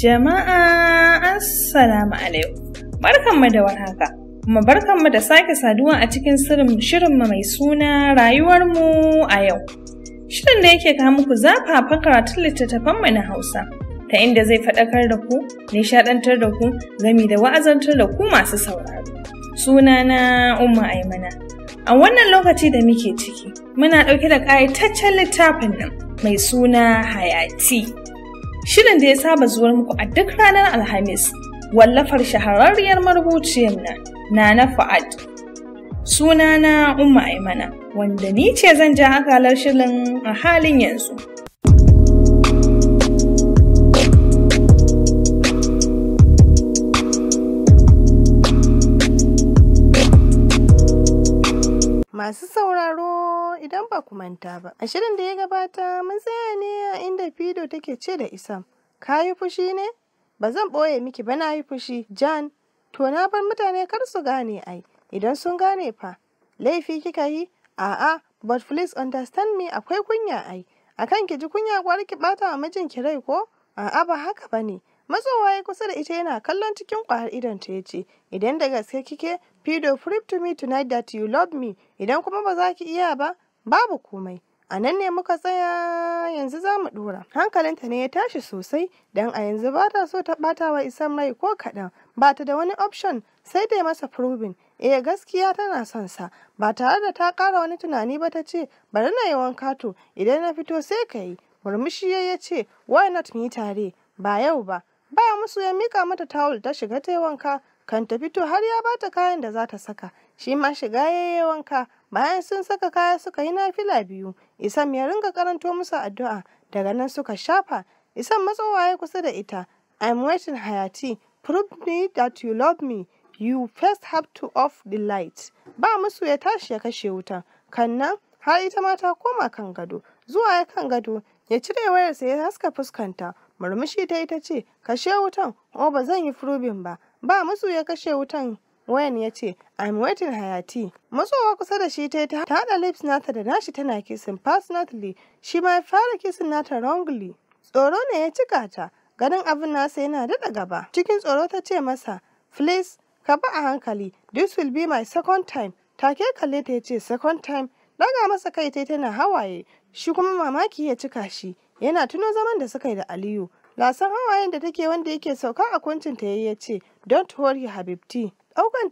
Jama'a Assalamu alaikum. Barkanmu da warhaka. Kuma barkanmu da sake saduwa a cikin shirinmu mai suna rayuwarmu a yau. Shirin da yake kawo muku zafafa karatun littattafanmu na Hausa. Ta inda zai faɗakar da ku, nishaɗantar da ku, gami da wa'azantar da ku masu sauraro. Suna na Umma Aimana. A wannan lokaci da muke ciki, muna ɗauke da ƙayataccen littafin nan mai suna Hayati. Shirin da ya saba zuwar muku a duk ranar Alhamis, wallafar shahararriyar marubuciyar nan, Nana Fa'ad. Sunana Umma Aimana, wanda ni ce zan ja akalar shirin a halin yanzu. ku ba. A shirin da ya gabata mun tsaya ne a inda Fido take ce da Isam, ka yi fushi ne? Ba zan ɓoye miki ba na yi fushi, Jan, to na bar mutane kar su gane ai, idan sun gane fa, laifi kika yi? A'a, but please understand me akwai kunya ai, akan ki ji kunya kwar ki ɓata wa mijin ki rai ko? A'a ba haka ba ne. Matsowa ya kusa da ita yana kallon cikin kwar idon ta ya ce, idan da gaske kike, Fido, prove to me tonight that you love me, idan kuma ba za ki iya ba, babu komai a nan ne muka tsaya yanzu za mu dora hankalinta ne ya tashi sosai don a yanzu ba ta so ta bata wa isan mai ko kaɗan ba ta da wani option sai dai masa probing eh gaskiya tana son sa ba tare da ta ƙara wani tunani ba ta ce bari na yi wanka to idan na fito sai ka yi murmushi ya ce why not mu tare ba yau ba ba musu ya mika mata tawul ta shiga ta yi wanka kan ta fito har ya bata kayan da za ta saka shi ma shiga ya yi wanka bayan sun saka kaya suka yi nafila biyu Isan ya ringa karanto musu addu'a daga nan suka shafa Isan matsowa kusa da ita i'm waiting hayati prove me that you love me you first have to off the light ba musu ya tashi ya kashe wutan kannan har ita mata, koma kan gado zuwa ya kan gado ya cire wayarsa ya haska fuskanta murmushi ta ita ce kashe wutan o oh, ba zan yi furubin ba ba musu ya kashe wutan Wayan ya ce, I'm waiting Hayati. Matsowa kusa da shi ta yi ta haɗa lips nata da nashi tana kisin personally, shi ma ya fara kisin nata wrongly. Tsoro ne ya cika ta, ganin abin nasa yana daɗa gaba. Cikin tsoro ta ce masa, Please, ka bi a hankali, this will be my second time. Take kalle ta ya ce second time, daga masa kai ta tana hawaye, shi kuma mamaki ya cika shi, yana tuno zaman da suka yi da Aliyu. Lasan hawayen da take wanda yake sauka a kuncinta ya ce, Don't worry, Habibti.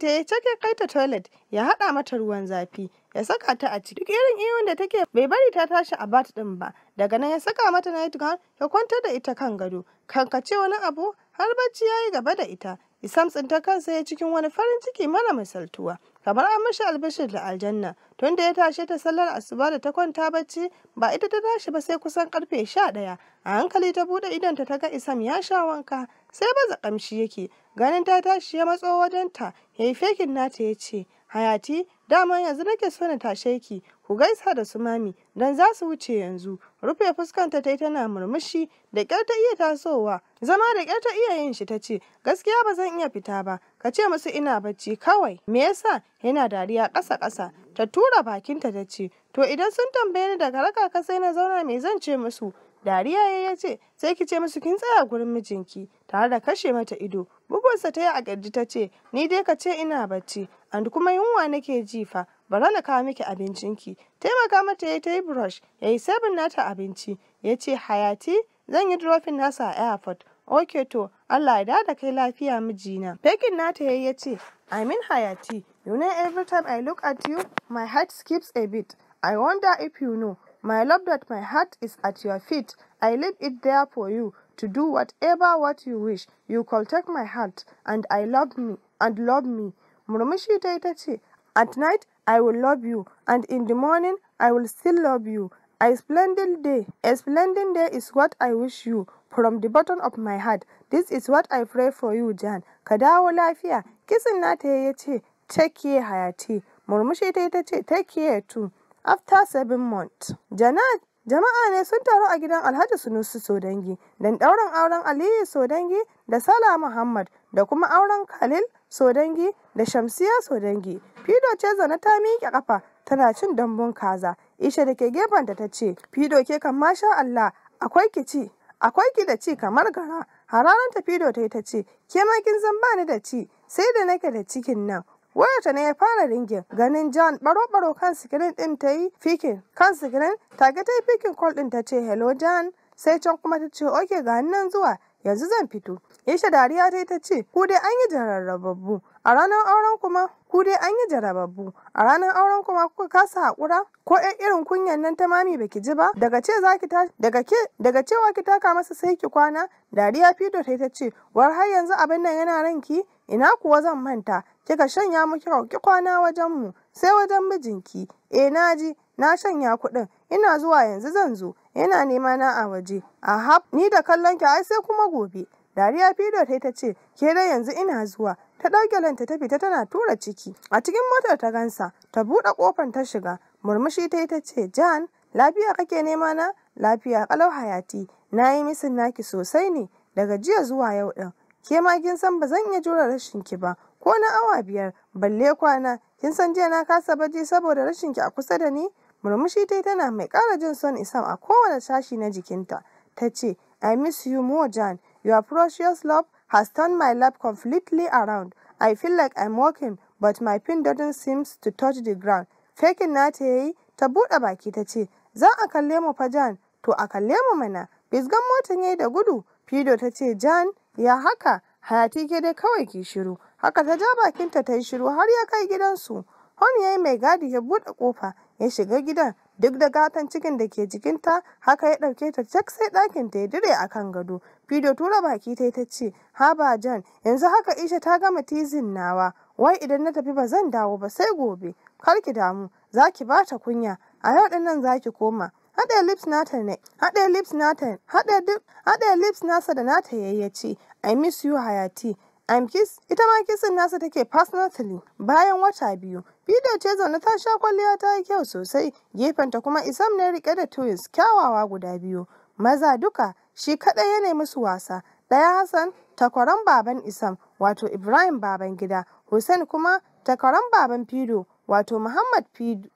ta ya cake kai ta toilet ya haɗa mata ruwan zafi ya saka ta a ciki duk irin iyon da take bai bari ta tashi a bat ɗin ba daga nan ya saka mata night gown ya kwantar da ita kan gado kankace wani abu har bacci ya yi gaba da ita Isam tsinta kansa ya cikin wani farin ciki mara misaltuwa, kamar an mishi albishir da aljanna, tunda ya tashe ta sallar asuba da ta kwanta bacci ba ita ta tashi ba sai kusan karfe sha ɗaya. A hankali ta buɗe idonta ta ga Isam ya sha wanka, sai baza zaƙamshi yake, Ganin ta tashi ya matso wajenta ya yi fekin nata ya ce, Hayati, dama yanzu nake so na tashe ki, ku gaisa da su mami, don za su wuce yanzu. Rufe fuskanta ta yi tana murmushi, da ƙyar ta iya tasowa, zama da kyar ta iya yin shi ta ce, gaskiya ba zan iya fita ba, ka ce musu ina bacci kawai. Me yasa? Yana dariya ƙasa-ƙasa, ta tura bakinta ta ce, to idan sun tambaye ni daga raka ka sai na zauna me zan ce musu? dariya ya ya ce sai ki ce musu kin tsaya gurin mijinki tare da kashe mata ido bugunsa ta yi a ƙirji ta ce ni dai ka ce ina bacci and kuma yunwa nake jifa bara na kawo miki abincinki taimaka mata ya ta yi brush ya yi sabin nata abinci ya ce hayati zan yi dropping nasa a airport ok to allah ya da kai lafiya mijina pekin nata ya ya ce i mean hayati you know every time i look at you my heart skips a bit i wonder if you know My love that my heart is at your feet, I leave it there for you to do whatever what you wish. You call take my heart and I love me and love me. Murmushi ta ita ce, At night I will love you and in the morning I will still love you. A splendid day, a splendid day is what I wish you from the bottom of my heart. This is what I pray for you, Jan. Ka dawo lafiya. Kisin nata ya ce, Take care, Hayati. Murmushi ta ita ce, Take care too. after seven months. Janat Jama'a ne sun taru a gidan Alhaji Sunusi Sodangi don auren Aliyu Sodangi da Sala Muhammad da kuma auren Khalil Sodangi da Shamsiya Sodangi. Fido ce zana ta miƙe ƙafa tana cin dambun kaza. Isha da ke gefenta ta ce, Fido ke kan masha Allah akwai ki ci, akwai ki da ci kamar gara. Hararanta Fido ta yi ta ce, ke ma kin zan bani da ci, sai da nake da cikin nan wayarta ne ya fara ringin ganin jan baro-baro kan sikirin din ta yi fikin kan sikirin taga ta yi fikin call din ta ce hello John sai can kuma ta ce oke ga nan zuwa yanzu zan fito sha dariya ta ta ce ku dai an yi jararrababbu a ranar auren kuma ku dai an yi jarababbu a ranar auren kuma kuka kasa haƙura ko ɗan irin kunyan nan ta mami baki ji ba daga ki ta daga daga cewa ki taka masa sai ki kwana dariya fito ta ce war har yanzu abin nan yana ranki ina kuwa zan manta kika shanya mu kika ki kwana wajen mu sai wajen mijinki eh naji na shanya kuɗin ina zuwa yanzu zan zo ina nema na a waje aha ni da kallon ki ai sai kuma gobe dariya fido ta ta ce ke dai yanzu ina zuwa ta ɗauke lanta ta fita tana tura ciki a cikin motar ta gansa ta buɗe kofar ta shiga murmushi ta ta ce jan lafiya kake nema na lafiya kalau hayati nayi yi misin naki sosai ne daga jiya zuwa yau ɗin ke ma kin san ba zan iya jure rashin ki ba ko na awa biyar balle kwana kin san jiya na kasa baje saboda rashin ki a kusa da ni murmushi ta tana mai ƙara jin son Isam a kowane sashi na jikinta. Ta ce, I miss you more, Jan. Your precious love has turned my life completely around. I feel like I'm walking, but my pin doesn't seem to touch the ground. Fakin na ta yayi, ta buɗe baki ta ce, Za a kalle mu fa Jan, to a kalle mu mana. Bisgan motan yayi da gudu, Fido ta ce, Jan, ya haka, hayati ke dai kawai ki shiru. Haka ta ja bakinta ta yi shiru har ya kai gidansu. Hon yayi mai gadi ya buɗe kofa ya shiga gidan duk da gatan cikin da ke jikinta haka ya ɗauke ta cak sai ɗakin ta ya dire a kan gado fido tura baki ta ta ce haba jan yanzu haka isha ta gama tizin nawa wai idan na tafi ba zan dawo ba sai gobe kar ki damu za ki ba ta kunya a yau ɗin nan za ki koma haɗe lips nata ne haɗe lips nata haɗe lips nasa da nata yayyace i miss you hayati Amkis ita ma kisin nasa take personally bayan wata biyu. Fido ce zaune ta sha kwalliya ta yi kyau sosai gefenta kuma Isam ne rike da twins kyawawa guda biyu. Maza duka shi kaɗai ya nemi su wasa. Ɗaya Hassan takwaran baban Isam wato Ibrahim baban gida. Hussein kuma takwaran baban Fido Fido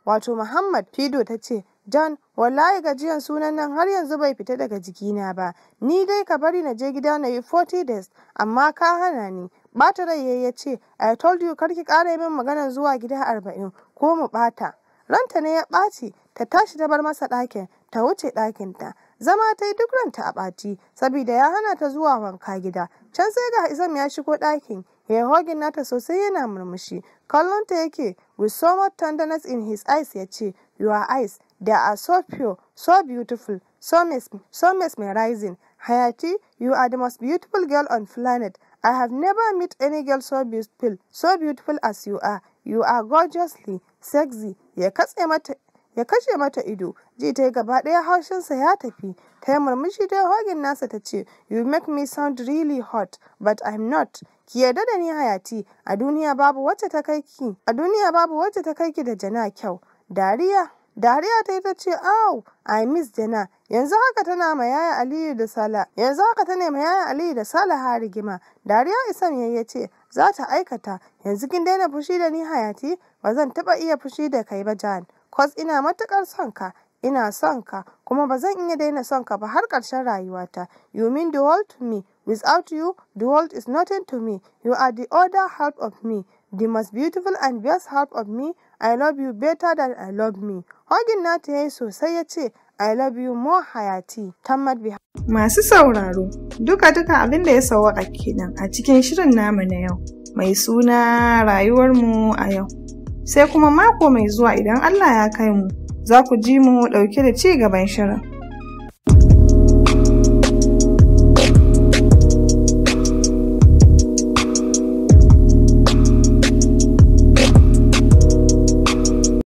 wato Muhammad Fido ta ce John, wallahi gajiyan sunan nan har yanzu bai fita daga jikina ba, ni dai ka bari na je gida na yi 40 days, amma ka hana ni. Bata rai ya ce, I told you kar ki kara min maganar zuwa gida arba'in ko mu ɓata. Ranta ne ya ɓaci, ta tashi ta bar masa ɗakin, ta wuce ɗakin ta. Zama ta yi duk ranta a ɓaci, saboda ya hana ta zuwa wanka gida. Can sai ga Isam ya shigo ɗakin, ya hogin nata sosai yana murmushi. Kallonta yake, with so much tenderness in his eyes ya ce, Your eyes, they are so pure, so beautiful, so, mes so mesmerizing. Hayati, you are the most beautiful girl on planet. I have never met any girl so beautiful, so beautiful as you are. You are gorgeously sexy. Ya katse mata ya kashe mata ido ji ta gaba ɗaya haushinsa ya tafi ta yi murmushi ta hogin nasa ta ce you make me sound really hot but i'm not ki yarda da ni hayati a duniya babu wacce ta kai ki a duniya babu wacce ta kai ki da jana kyau dariya dariya ta yi ta ce aw i miss jana yanzu haka tana ma yaya aliyu da sala yanzu haka tana ma yaya aliyu da sala har rigima dariya isam ya ce za ta aikata yanzu kin daina fushi da ni hayati ba zan taba iya fushi da kai ba jan kwas ina matukar son ka ina son ka kuma ba zan iya daina son ka ba har karshen rayuwata you mean the world to me without you the world is nothing to me you are the other half of me the most beautiful and best half of me I love you better than I love me. Hogin nata yayi sosai ya ce I love you more Hayati. tamar bi Masu sauraro, duka duka abinda ya ya a kenan a cikin shirin namu na yau. Mai suna rayuwarmu a yau. Sai kuma mako mai zuwa idan Allah ya kai mu, za ku ji mu ɗauke da ci gaban shirin.